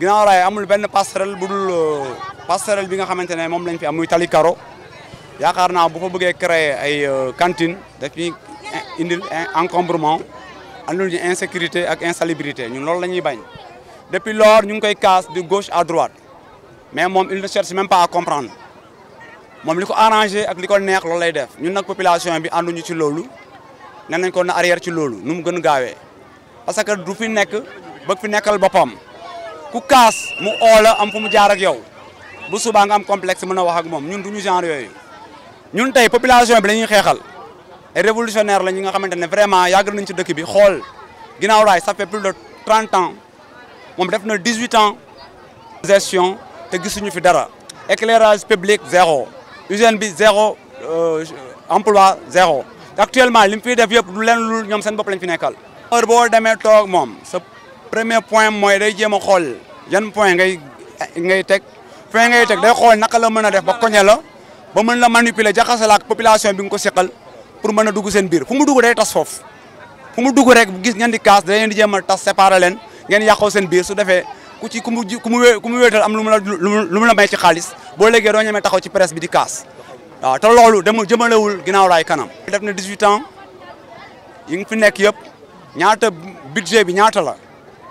ginnaaw raay amul benn passerelle bu dul euh, passerelle bi nga xamante ne moom lañ fi am muy tali karo yaakaar naa bu fa bëggee créer ay euh, cantine daf ñuy indil encombrement andil ñu insécurité ak insalubrité ñun loolu la ñuy bañ depuis lors ñu ngi koy casse de gauche à droite mais moom il ne cherche même pas à comprendre moom li ko arrangé ak li ko neex loolu lay def ñun nag population bi ànduñu ci loolu nee nañ ko na arrière ci loolu nu mu gën gaawee parce que du fi nekk bëgg fi nekkal boppam. ku kaas mu oola am fu mu jaar ak yow bu subaa nga am complexe mën a wax ak moom ñun du ñu genre yooyu ñun tey population bi lañuy xeexal et révolutionnaire la ñi nga xamante ne vraiment yàgg nañ ci dëkk bi xool ginnaaw raay ça fait plus de trente ans moom def na dix huit ans gestion te gisuñu fi dara éclairage public zéro usine bi zéro euh, emploi zéro actuellement li mu fiy def yëpp du leen lu ñoom seen bopp lañ fi nekkal heure boo demee toog moom premier point mooy day jéem a xool yan point ngay ngay teg point ngay teg day xool naka la mën a def ba koñe la ba mën la manipuler jaxasala ak population bi nga ko seqal pour mën a dugg seen biir fu mu dugg day tas foofu fu mu dugg rek gis ngeen di kaas day leen di jéem a tas séparé leen ngeen yàqoo seen biir su defee ku ci ku mu ku mu ku mu wéetal am lu mu la lu mu la may ci xaalis boo léegi doo ñemee taxaw ci presse bi di kaas te loolu demul jëmalewul ginnaaw raay kanam. def na 18 ans yi nga fi nekk yëpp ñaata budget bi ñaata la.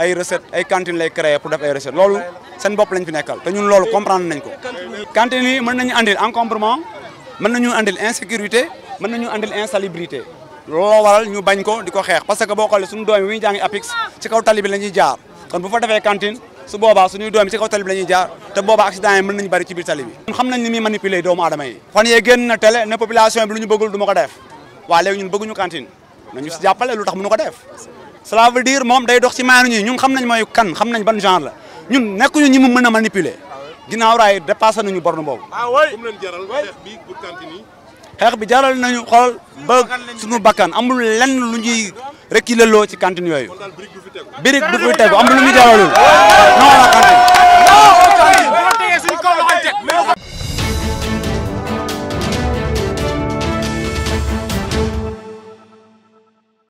ay recette ay cantine lay créer pour def ay recette lolou sen bop lañ fi nekkal te ñun lolou comprendre nañ ko cantine yi mën nañu andil encombrement mën nañu andil insécurité mën nañu andil insalubrité looloo waral ñu bañ ko diko xex parce que bo xoolee suñu doomi wi jangi apix ci kaw tali lañuy jaar kon bu fa defé cantine su boba suñu doomi ci kaw tali lañuy jaar te boba accident yi mën nañu bari ci biir talib yi ñun xam nañ ni mi manipuler doomu aadama yi fan ye genn na télé na population bi luñu bëggul duma ko def wa léegi ñun ñu cantine nañu ci jappalé lutax mënu ko def cela veut dire moom day dox ci maanu ñi ñun xam nañ mooy kan xam nañ ban genre la ñun nekkuñu ñi mu mën a manipuler ginnaaw raay dépassé nañu borne boobu. Ah xeex bi jaral nañu xool ba suñu bakkan amul lenn lu ñuy reculer loo ci cantine yooyu. birig du fi tegu amul lu muy jaralul.